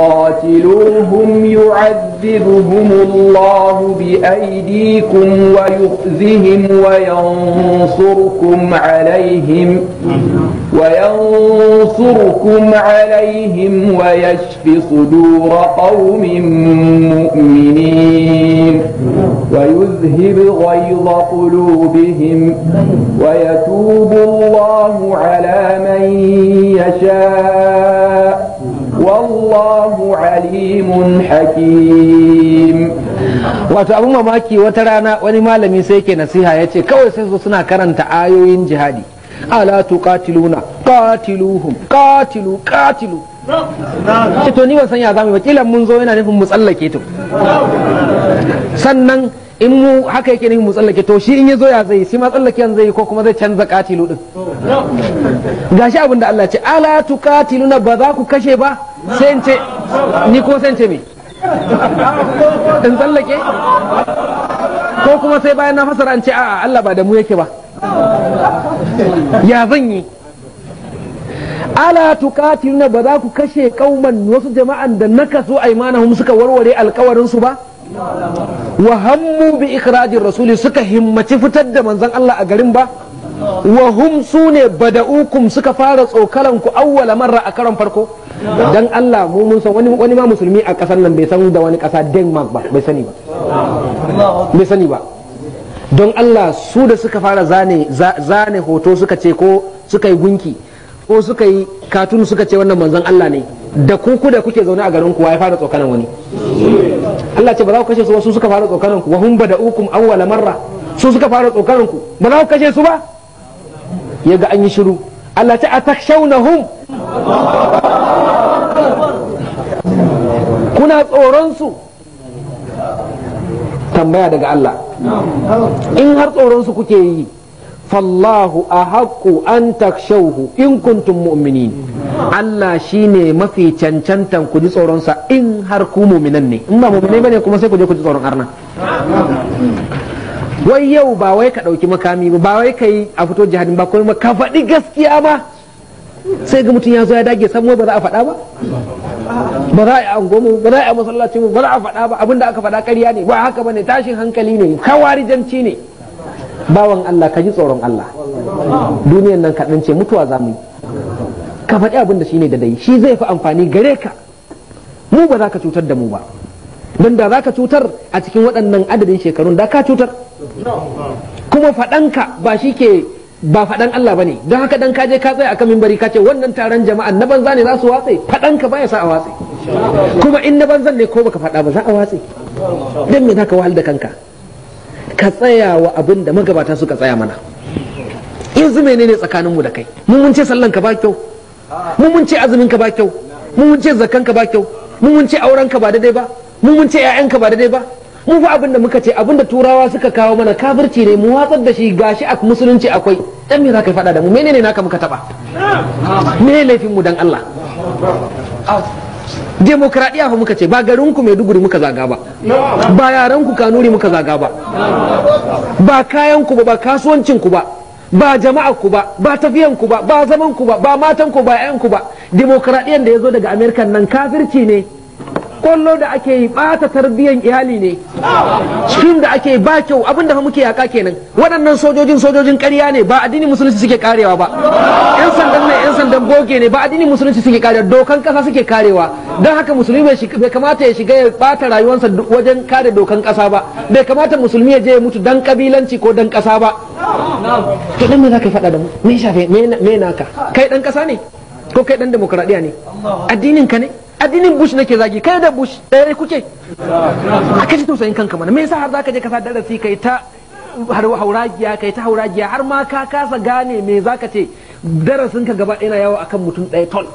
قاتلوهم يعذبهم الله بأيديكم ويخزهم وينصركم عليهم وينصركم عليهم ويشف صدور قوم مؤمنين ويذهب غيظ قلوبهم ويتوب الله على من يشاء wallahu alimun hakim wato abin mamaki wata rana wani malami sai ke nasiha ya ce kawai sai su suna karanta ayoyin jihadi ala tuqatiluna qatiluhum qatilu qatilu ce eh, to ni ban san ya zamu ba kila mun zo yana nufin mu tsallake to sannan in mu haka yake nufin mu tsallake to shi in ya zo ya zai shi ma tsallake yanzu zai ko kuma zai canza katilu din gashi abin da Allah ce ala tuqatiluna ba za ku kashe ba sai ni ko sai me in tsallake ko kuma sai bayan na fasara in ce a'a Allah ba da mu yake ba ya zan yi ala tukatiluna ba za ku kashe kauman wasu jama'an da naka so aimanahum suka warware alkawarin su ba wa hammu bi ikhrajin rasuli suka himmaci fitar da manzon Allah a garin ba wa hum sune bada'ukum suka fara tsokalan ku awwala marra a karon farko dan Allah mu mun san wani wani ma musulmi a kasar nan bai san da wani kasa Denmark ba bai sani ba bai sani ba don Allah su da suka fara zane zane hoto suka ce ko suka yi gunki ko suka yi katunu suka ce wannan manzon Allah ne da ku ku da kuke zaune a garin ku ya fara tsokanan wani Allah ce ba za ku kashe su ba su suka fara tsokanan ku wa hum bada'ukum awwala marra su suka fara tsokanan ku ba za ku kashe su ba yaga an yi shiru Allah ce atakshawnahum kuna tsoronsu tambaya daga Allah in har tsoronsu kuke yi fallahu a haƙƙo an takshauhu in kuntum mumini Allah shi ne mafi cancantan ku tsoronsa in har ku mu'minan ne in ba mu'minai bane kuma sai kuje je ku ji tsoron arna wai yau ba wai ka ɗauki makami ba wai ka yi a fito jihadin ba kuma ka faɗi gaskiya ba sai ga mutum ya zo ya dage san ba za a faɗa ba ba za a yi angomu ba za a yi mu ba za a faɗa ba abinda aka faɗa ƙarya ne ba haka bane tashin hankali ne Kawari janci ne bawan Allah ka ji tsoron Allah duniyan nan kaɗan ce mutuwa za mu yi ka faɗi abinda da shine da dai shi zai fi amfani gare ka mu ba za ka cutar da mu ba don da za ka cutar a cikin waɗannan adadin shekarun da ka cutar kuma faɗanka ba shi ke ba faɗan Allah ne don haka dan kaje ka tsaya akan mimbari ka ce wannan taron jama'a na banza ne za su watse faɗan ka baya sa a watse kuma in na banzan ne ko baka faɗa ba za a watse dan me zaka wahal da kanka ka tsaya wa abin da magabata suka tsaya mana yanzu menene tsakanin mu da kai mun mun ce sallan ka ba kyau mun mun ce azumin ka ba kyau mun mun ce zakkan ka ba kyau mun mun ce auren ka ba daidai ba mun mun ce ƴaƴan ka ba daidai ba mu fa abinda muka ce abinda turawa suka kawo mana kafirci ne mu watsar da shi gashi a musulunci akwai dan me za ka faɗa da mu menene naka muka taba me laifin mu dan Allah demokradiya fa muka ce ba garin ku Maiduguri muka zaga ba ba yaran ku Kanuri muka zaga ba ba kayan ku ba ba kasuwancin ku ba ba jama'a ku ba ba tafiyan ku ba ba zaman ku ba ba matan ku ba ƴan ku ba demokradiyan da yazo daga Amerika nan kafirci ne kwallo da ake yi bata tarbiyan iyali ne cikin da ake ba kyau abinda fa muke yaka kenan waɗannan sojojin sojojin ƙarya ne ba addinin musulunci suke karewa ba yan sandan ne yan sandan boge ne ba addinin musulunci suke karewa dokan ƙasa suke karewa don haka musulmi bai kamata ya shiga ya bata rayuwarsa wajen kare dokan ƙasa ba bai kamata musulmi ya je ya mutu dan kabilanci ko dan ƙasa ba to dan me zaka faɗa da mu me shafe me naka kai dan ƙasa ne ko kai dan demokradiya ne addinin ka ne addinin bush nake zagi kai da bush ɗaya kuke a kashe tausayin kanka mana me yasa har zaka je ka sa darasi kai ta har hauragiya kai ta hauragiya har ma ka kasa gane me zaka ce darasin ka gaba ɗaya yawo akan mutum ɗaya ton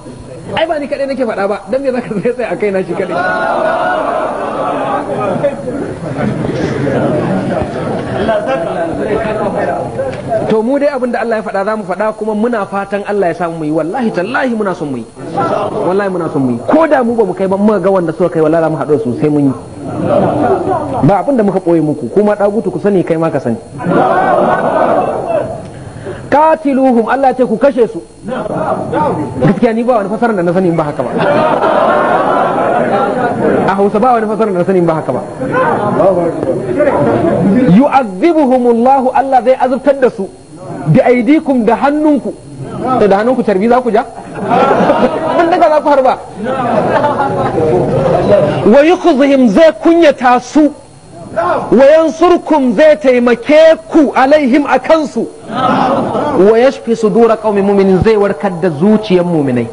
ai ba ni kaɗai nake faɗa ba dan me zaka tsaye a kai na shi kaɗai dai abin da Allah ya faɗa za mu faɗa kuma muna fatan Allah ya samu mu yi wallahi tallahi muna son mu yi wallahi muna son mu yi ko da mu ba mu kai ba muka ga wanda suka kai wallahi za mu haɗu su sai mun yi ba abin da muka ɓoye muku kuma ɗagutu ku sani kai ma ka sani katiluhum Allah ya ce ku kashe su gaskiya ni ba wani fasarar da na sani ba haka ba a hausa ba wani fasarar da na sani ba haka ba yu'azzibuhumullahu Allah zai azubtar da su bi aidikum da hannunku da da hannunku tarbi za ku ja mun daga za ku harba wa yukhzihim zai kunyata su wa yansurkum zai taimake ku alaihim a kansu wa yashfi sudura qaumi mu'minin zai warkar da zuciyar mu'minai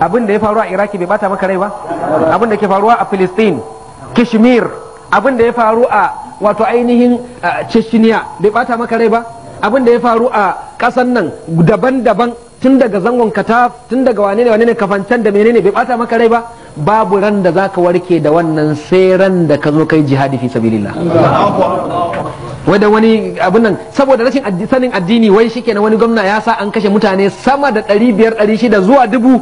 abin da ya faru a iraki bai bata maka rai ba abin da ke faruwa a Filistin, kishmir abin da ya faru a wato ainihin chechnya bai bata maka rai ba abin da ya faru a ƙasan nan daban-daban tun daga zangon kataf tun daga wane ne wane ne kafancan da menene bai bata maka rai ba babu ran da zaka warke da wannan sai ran da ka zo kai jihadi fi sabilillah wadda wani abin nan saboda rashin sanin addini wai kenan wani gwamna ya sa an kashe mutane sama da ɗari shida zuwa dubu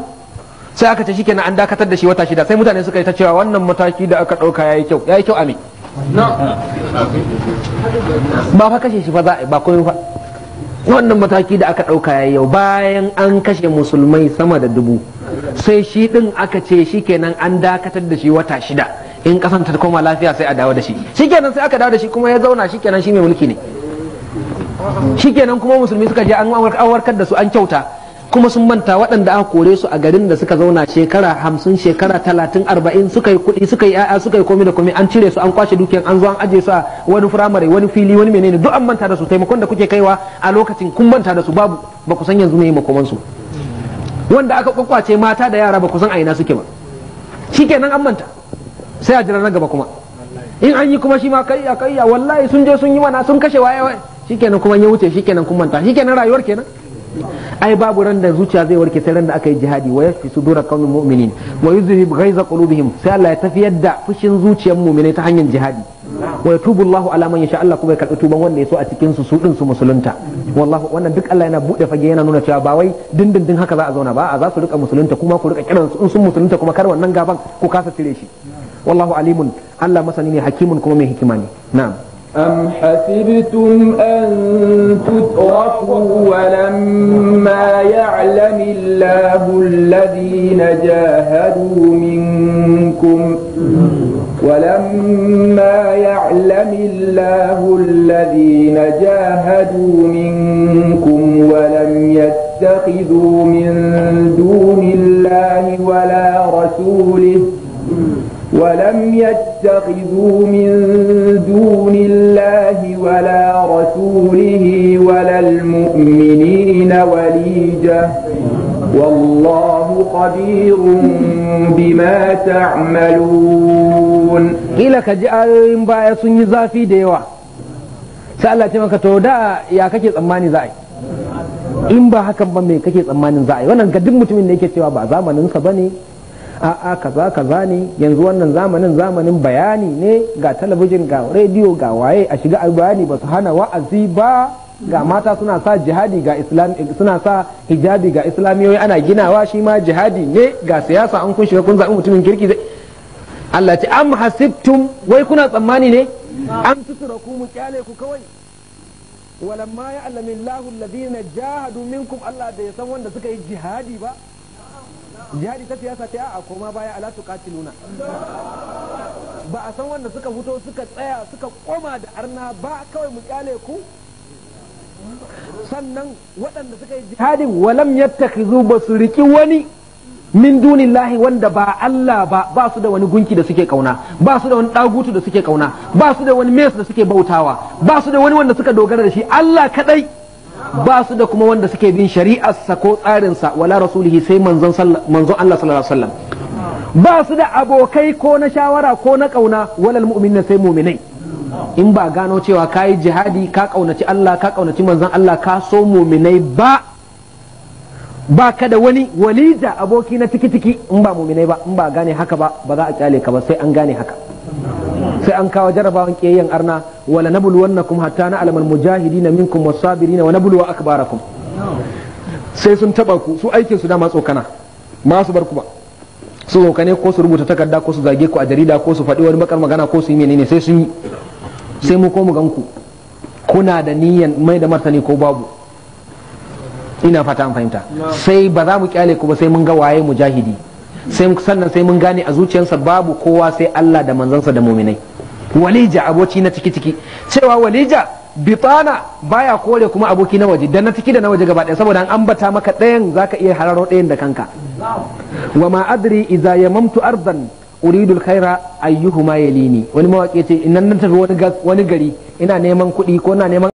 sai aka ce kenan an dakatar da shi wata shida sai mutane suka yi ta cewa wannan mataki da aka dauka yi kyau yi kyau amin ba fa kashe shi fa za a ba komai fa wannan mataki da aka ɗauka ya yau bayan an kashe musulmai sama da dubu sai shi ɗin aka ce shi kenan an dakatar da shi wata shida in ƙasan ta koma lafiya sai a dawo da shi shi kenan sai aka dawo da shi kuma ya zauna shi kenan shi mai mulki ne shi kenan kuma musulmi suka je an warkar da su an kyauta kuma sun manta waɗanda aka kore su a garin da suka zauna shekara hamsin shekara talatin arba'in suka yi kuɗi suka yi ya'ya suka yi komai da komai an cire su an kwashe dukiyan an zo an aje su a wani firamare wani fili wani menene duk an manta da su taimakon da kuke kaiwa a lokacin kun manta da su babu ba ku san yanzu me makoman su wanda aka kwakwace mata da yara ba ku san a ina suke ba shikenan an manta sai a jira na gaba kuma in an yi kuma shi ma kai a kai wallahi sun je sun yi mana sun kashe waye waye shikenan kuma ya wuce shikenan kun manta shikenan rayuwar kenan ai babu ran da zuciya zai warke sai ran da aka yi jihadi wa yafi sudura qaumin mu'minin wa yuzhib ghaiza qulubihim sai Allah ya tafiyar da fushin zuciyar mu'minai ta hanyar jihadi wa yatubu Allahu ala man yasha Allah kuma ya karbi tuban wanda so a cikin su su din su musulunta wallahi wannan duk Allah yana bude fage yana nuna cewa ba wai dindindin haka za a zauna ba a za su rika musulunta kuma ku rika su in sun musulunta kuma kar wannan gaban ku kasa cire shi wallahu alimun Allah masani ne hakimun kuma mai hikima ne na'am أم حسبتم أن تتركوا ولما يعلم الله الذين جاهدوا منكم ولما يعلم الله الذين جاهدوا منكم ولم يتخذوا من دون الله ولا رسوله ولم يتخذوا من دون الله ولا رسوله ولا المؤمنين وليجة والله قدير بما تعملون قيل كجاء الانباء سنجزا في ديوة سألت من كتودا يا كجز أماني زاي إنباء حكم بمي كجز أماني زاي وانا قدمت من نيكي سوابا زامن انسى بني a'a kaza kaza ne yanzu wannan zamanin zamanin bayani ne ga talabijin ga rediyo ga waye a shiga bayani ba su hana wa'azi ba ga mata suna sa jihadi ga islam suna sa hijabi ga islamiyoyi ana ginawa shi ma jihadi ne ga siyasa an kun shiga kun zaɓi mutumin kirki zai Allah ce am hasibtum wai kuna tsammani ne an tutura ku mu kyale ku kawai walamma ya alamin lahu alladhina jahadu minkum Allah bai san wanda suka yi jihadi ba jihadi ta siyasa ta a koma baya ala nuna ba a san wanda suka fito suka tsaya suka koma da arna ba kawai mu kyale ku sannan waɗanda suka yi jihadin walam yattakhizu ba su riki wani min dunillahi wanda ba Allah ba ba su da wani gunki da suke kauna ba su da wani dagutu da suke kauna ba su da wani mes da suke bautawa ba su da wani wanda suka dogara da shi Allah kadai ba su da kuma wanda suke bin shari'arsa ko tsarinsa wala rasulihi sai manzon Allah sallallahu wasallam ba su da abokai ko na shawara ko na kauna walal mu'minin sai mu'minai in ba gano cewa ka yi jihadi ka kaunaci Allah ka kaunaci manzon Allah ka so mu'minai ba ba ka da wani walija aboki na tikitiki in ba mu'minai ba in ba gane haka ba ba za a kyale ka ba sai an gane haka kai an kawo jarabawan kiyayen arna wala nabluwannakum hatta na alamal mujahidin minkum wasabirin wa nabluwa akbarakum sai sun taba ku su aikin su dama tsokana ma su bar ku ba su tsokane ko su rubuta takarda ko su zage ku a jarida ko su faɗi wani bakar magana ko su yi menene sai sun yi sai mu ko mu gan ku kuna da niyan mai da martani ko babu ina fata an fahimta sai ba za mu kyale ku ba sai mun ga waye mujahidi sannan sai mun gane a zuciyarsa babu kowa sai Allah da manzansa da muminai walija aboki na ciki ciki cewa walija bitana baya kore kuma aboki na waje da na ciki da na waje gaba ɗaya saboda an ambata maka ɗayan zaka iya hararo ɗayan da kanka wa ma adri idza yamamtu ardan uridu alkhaira ayyuhuma yalini wani mawaki ce in nan tafi wani gari ina neman kuɗi ko ina neman